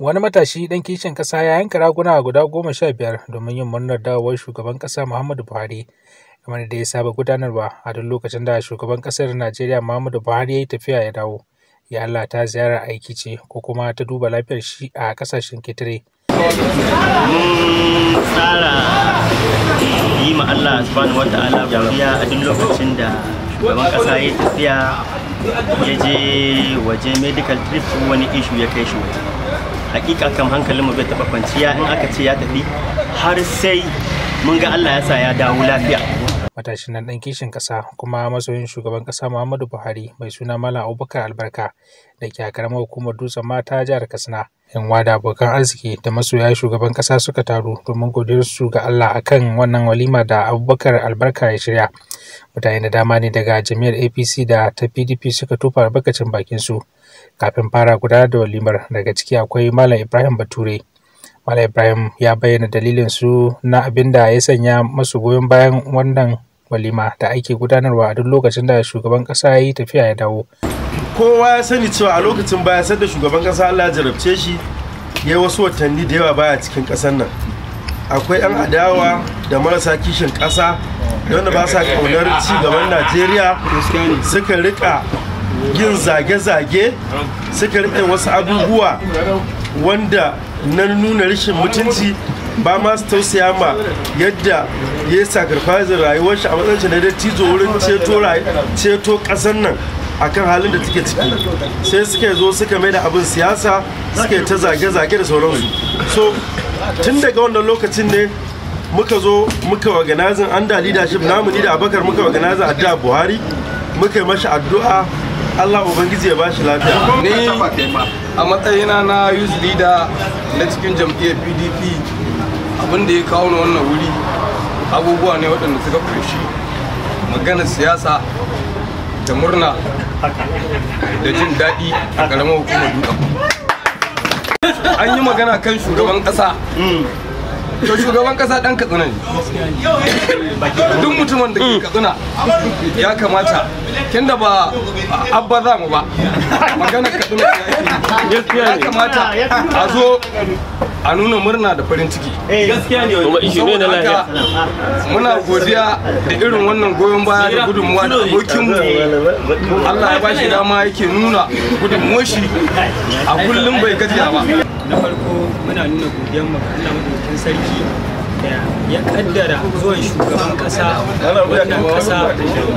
wani matashi dan kishin kasa ya yanka raguna guda goma sha biyar domin yin murnar dawowar shugaban kasa muhammadu buhari kamar da ya saba gudanarwa a duk lokacin da shugaban kasar najeriya muhammadu buhari ya yi tafiya ya dawo ya allah ta ziyara aiki ce ko kuma ta duba lafiyar shi a kasashen ketare mun tsara yi ma allah subhanahu a duk lokacin da shugaban kasa ya tafiya ya je waje medical trip wani ishu ya kai shi waje hakika kam hankalin mu bai taba kwanciya in aka ce ya tafi har sai mun ga Allah ya sa ya dawo lafiya matashin nan ɗan kishin ƙasa kuma masoyin shugaban ƙasa Muhammadu Buhari mai suna Malam Abubakar Albarka da ke karamar hukumar Dutsen Mata jihar Katsina. Yan wada abokan arziki da masoya shugaban ƙasa suka taru domin godiyar su ga Allah akan wannan walima da Abubakar Albarka ya shirya. Mutane da dama ne daga jami'ar APC da ta PDP suka tufa albarkacin bakin su. kafin fara gudanar da walimar daga ciki akwai malam ibrahim bature malam ibrahim ya bayyana dalilin su na abin da ya sanya masu goyon bayan wannan walima da ake gudanarwa a duk lokacin da shugaban kasa ya yi tafiya ya dawo kowa ya sani cewa a lokacin baya sanda shugaban kasa allah jarabce shi ya yi wasu watanni da yawa baya cikin kasar nan akwai 'yan adawa da marasa kishin ƙasa da wanda ba sa ƙaunar ci gaban najeriya suka rika yin zage-zage suka rufe wasu abubuwa wanda na nuna rashin mutunci ba ma su tausaya ma yadda ya yi karfazin rayuwar shi a matsayin na dattijo wurin ceto ƙasar nan a kan halin da take ciki sai suka zo suka mai da abin siyasa suka ta zage-zage da sauransu so tun daga wannan lokacin ne muka zo muka an da leadership namu ni da abakar muka organizing addu'a buhari muka yi mashi addu'a Allah ubangiji ya bashi lafiya ni a matsayina na youth leader na cikin jam'iyyar PDP abin da ya kawo ni wannan wuri abubuwa ne waɗanda suka kunshi magana siyasa da murna da jin daɗi a ƙaramar hukumar duka an yi magana kan shugaban ƙasa mm. to shugaban kasa dan katsina ne duk mutumin da ke hmm. katsina ya kamata tunda ba abba za mu ba magana katsina ya kamata a zo a nuna murna da farin ciki gaskiya ne kuma muna godiya da irin wannan goyon baya da gudunmuwa da abokinmu Allah ya bashi dama yake nuna gudunmuwa shi a kullum bai gajiya ba na farko muna nuna godiyar mu ga Allah madaukakin sarki da ya kaddara zuwan shugaban kasa wannan kasa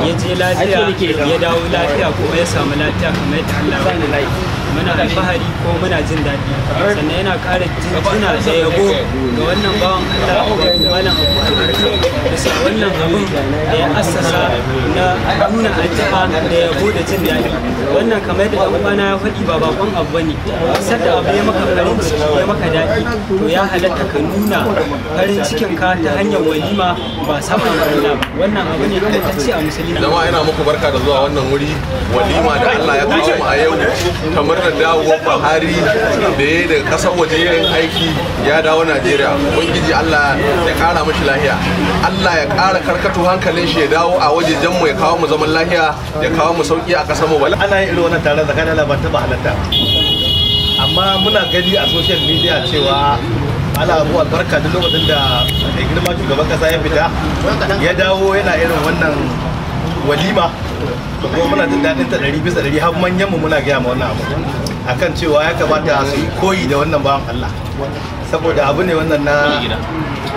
ya je lafiya ya dawo lafiya kuma ya samu lafiya kamar ya Allah ya muna alfahari ko muna jin daɗi sannan yana ƙara jinjina da yabo ga wannan bawan Allah malam Abu Albarka sa wannan abin da ya assasa na nuna addu'a da yabo da jin daɗi wannan kamar da ɗan na ya faɗi ba bakon abu bane sadda abu ya maka farin ciki ya maka daɗi to ya halatta ka nuna farin cikin ka ta hanyar walima ba saman walima wannan abu ne ce a musulmi jama'a ina muku barka da zuwa wannan wuri walima da Allah ya kawo mu a yau kamar wannan dawowar buhari da ya daga kasar waje yin aiki ya dawo najeriya ubangiji allah ya kara mashi lahiya allah ya kara karkatu hankalin shi ya dawo a waje mu ya kawo mu zaman lahiya ya kawo mu sauki a kasar mu bala ana yin irin wannan tare tsakanin labar taba halatta amma muna gani a social media cewa ana abubuwa barka duk lokacin da mai girma shugaban kasa ya fita ya dawo yana irin wannan walima to kuma muna jin daɗin ta ɗari bisa ɗari har manyan mu muna gaya ma wannan abu akan cewa ya kamata su yi koyi da wannan bawan Allah saboda abu ne wannan na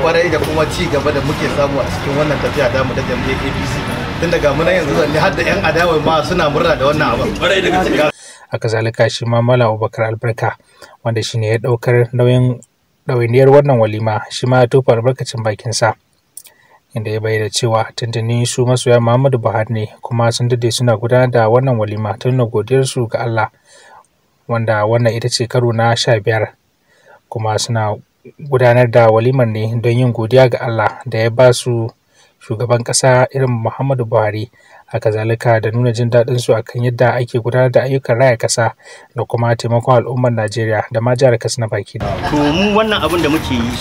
kwarai da kuma ci gaba da muke samu a cikin wannan tafiya da mu ta jam'iyyar APC tun daga muna yanzu zanne har da yan adawai ma suna murna da wannan abu kwarai da gaske haka zalika shi ma Malam Abubakar Albarka wanda shine ya daukar nauyin ɗawainiyar wannan walima shi ma ya tofa albarkacin sa inda ya bayyana cewa tuntuni su masoya Muhammadu Buhari ne kuma sun dade suna gudanar da wannan walima ta nuna godiyarsu ga Allah wanda wannan ita ce karo na sha biyar kuma suna gudanar da walimar ne don yin godiya ga Allah da ya ba su shugaban ƙasa irin Muhammadu Buhari a zalika da nuna jin daɗin su akan yadda ake gudanar da ayyukan raya ƙasa da kuma taimakon al'ummar Najeriya da ma jihar Katsina baki. To mu wannan abin da muke yi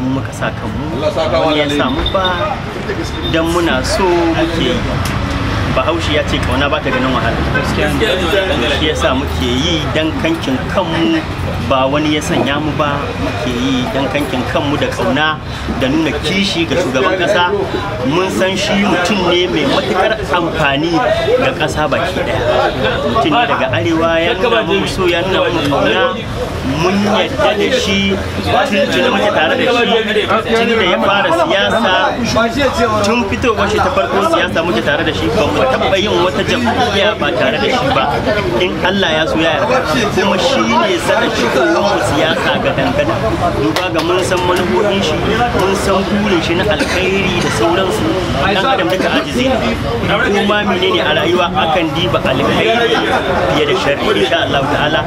mu muka sa kanmu wani ya samu ba don muna so muke yi bahaushe ya ce kauna ba ta ganin wahala shi sa muke yi dan kankin kanmu ba wani ya sanya mu ba muke yi dan kankin kanmu da kauna da nuna kishi ga shugaban kasa mun san shi mutum ne mai matukar amfani ga kasa baki daya mutum ne daga arewa ya nuna mu so ya nuna mu kauna mun yadda da shi tun tuni muke tare da shi tun da ya fara siyasa tun fitowar shi ta farko siyasa muke tare da shi ba mu taɓa yin wata jam'iyya ba tare da shi ba in Allah ya so ya yarda kuma shi ne sanin shigowar mu siyasa ga dangana duba ga mun san manufofin shi mun san burin shi na alkhairi da sauransu dan adam duka ajizi kuma menene a rayuwa akan diba alkhairi fiye da sharri insha Allah ta'ala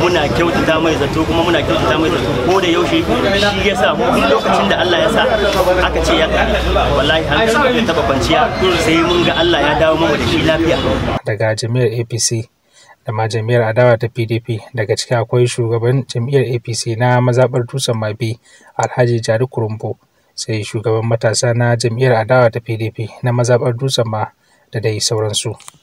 muna kyautata mai zato to kuma muna kyautata mai zato ko da yaushe shi ya sa mu lokacin da Allah ya sa aka ce ya kare wallahi hankali ya taba kwanciya sai mun ga Allah ya dawo mu da shi lafiya daga jami'ar APC da ma jami'ar adawa ta pdp daga ciki akwai shugaban jami'ar apc na mazaɓar dutsen mabi alhaji jari kurumbo sai shugaban matasa na jami'ar adawa ta pdp na mazabar dutsen ma da dai sauransu